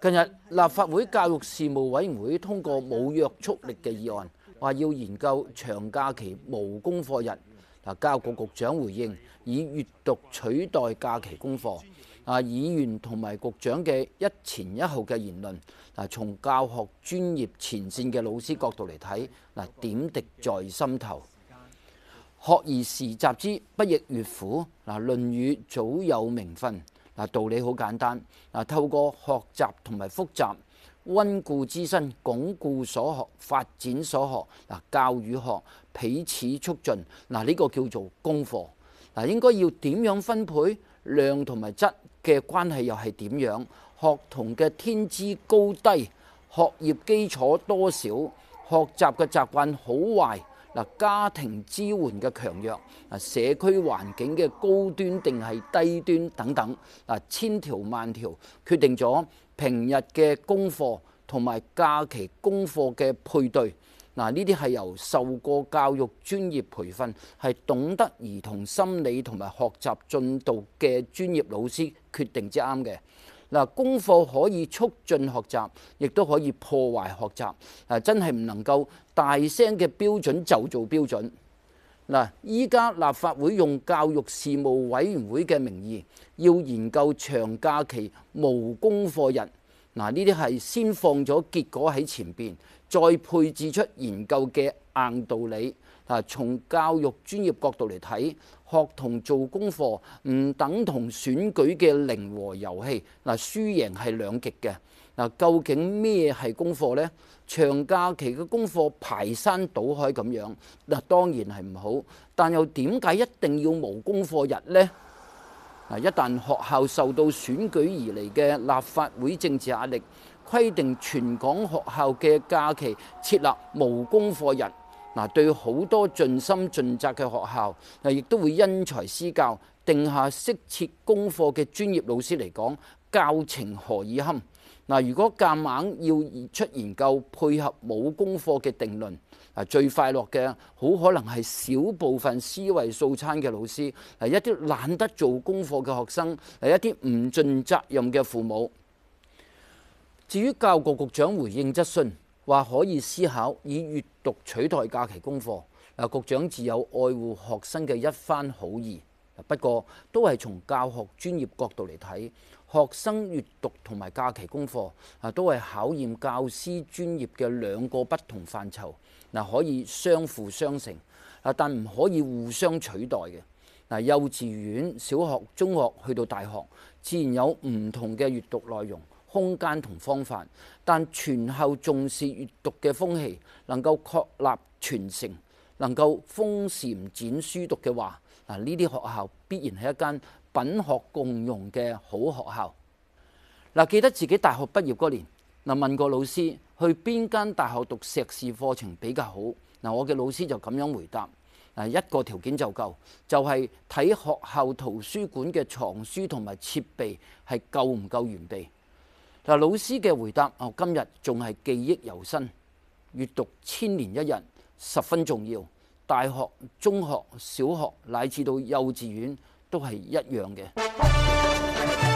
近日立法會教育事務委員會通過冇約束力嘅議案，話要研究長假期無功課日。嗱，教育局局長回應以閲讀取代假期功課。啊，議員同埋局長嘅一前一後嘅言論，嗱，從教學專業前線嘅老師角度嚟睇，嗱，點滴在心頭。學而時習之，不亦說乎？嗱，《論語》早有明訓。道理好簡單，嗱，透過學習同埋複習，温故知新、鞏固所學，發展所學，嗱，教與學彼此促進，嗱、這、呢個叫做功課。嗱，應該要點樣分配？量同埋質嘅關係又係點樣？學童嘅天資高低、學業基礎多少、學習嘅習慣好壞，家庭支援嘅強弱，嗱，社區環境嘅高端定係低端等等，嗱，千條萬條決定咗平日嘅功課同埋假期功課嘅配對。嗱，呢啲係由受過教育專業培訓、係懂得兒童心理同埋學習進度嘅專業老師決定之啱嘅。功課可以促進學習，亦都可以破壞學習。真係唔能夠大聲嘅標準就做標準。嗱，依家立法會用教育事務委員會嘅名義，要研究長假期無功課日。嗱，呢啲係先放咗結果喺前面，再配置出研究嘅硬道理。嗱，從教育專業角度嚟睇，學童做功課唔等同選舉嘅零和遊戲。嗱，輸贏係兩極嘅。嗱，究竟咩係功課呢？長假期嘅功課排山倒海咁樣，嗱，當然係唔好。但又點解一定要無功課日呢？嗱，一旦學校受到選舉而嚟嘅立法會政治壓力，規定全港學校嘅假期設立無功課日，嗱，對好多盡心盡責嘅學校，亦都會因材施教，定下適切功課嘅專業老師嚟講，教情何以堪？嗱，如果夾硬要出研究配合冇功課嘅定論，嗱，最快樂嘅，好可能係少部分思維素餐嘅老師，係一啲懶得做功課嘅學生，係一啲唔盡責任嘅父母。至於教育局局長回應質詢，話可以思考以閱讀取代假期功課。嗱，局長自有愛護學生嘅一番好意。不過，都係從教學專業角度嚟睇，學生閱讀同埋假期功課啊，都係考驗教師專業嘅兩個不同範疇，嗱可以相輔相成啊，但唔可以互相取代嘅。嗱，幼稚園、小學、中學去到大學，自然有唔同嘅閱讀內容、空間同方法，但全校重視閱讀嘅風氣，能夠確立傳承。能夠風簷展書讀嘅話，嗱呢啲學校必然係一間品學共用嘅好學校。嗱，記得自己大學畢業嗰年，嗱問過老師去邊間大學讀碩士課程比較好。嗱，我嘅老師就咁樣回答：啊一個條件就夠，就係、是、睇學校圖書館嘅藏書同埋設備係夠唔夠完備。嗱，老師嘅回答我今日仲係記憶猶新，閲讀千年一日。」十分重要，大學、中學、小學乃至到幼稚園都係一樣嘅。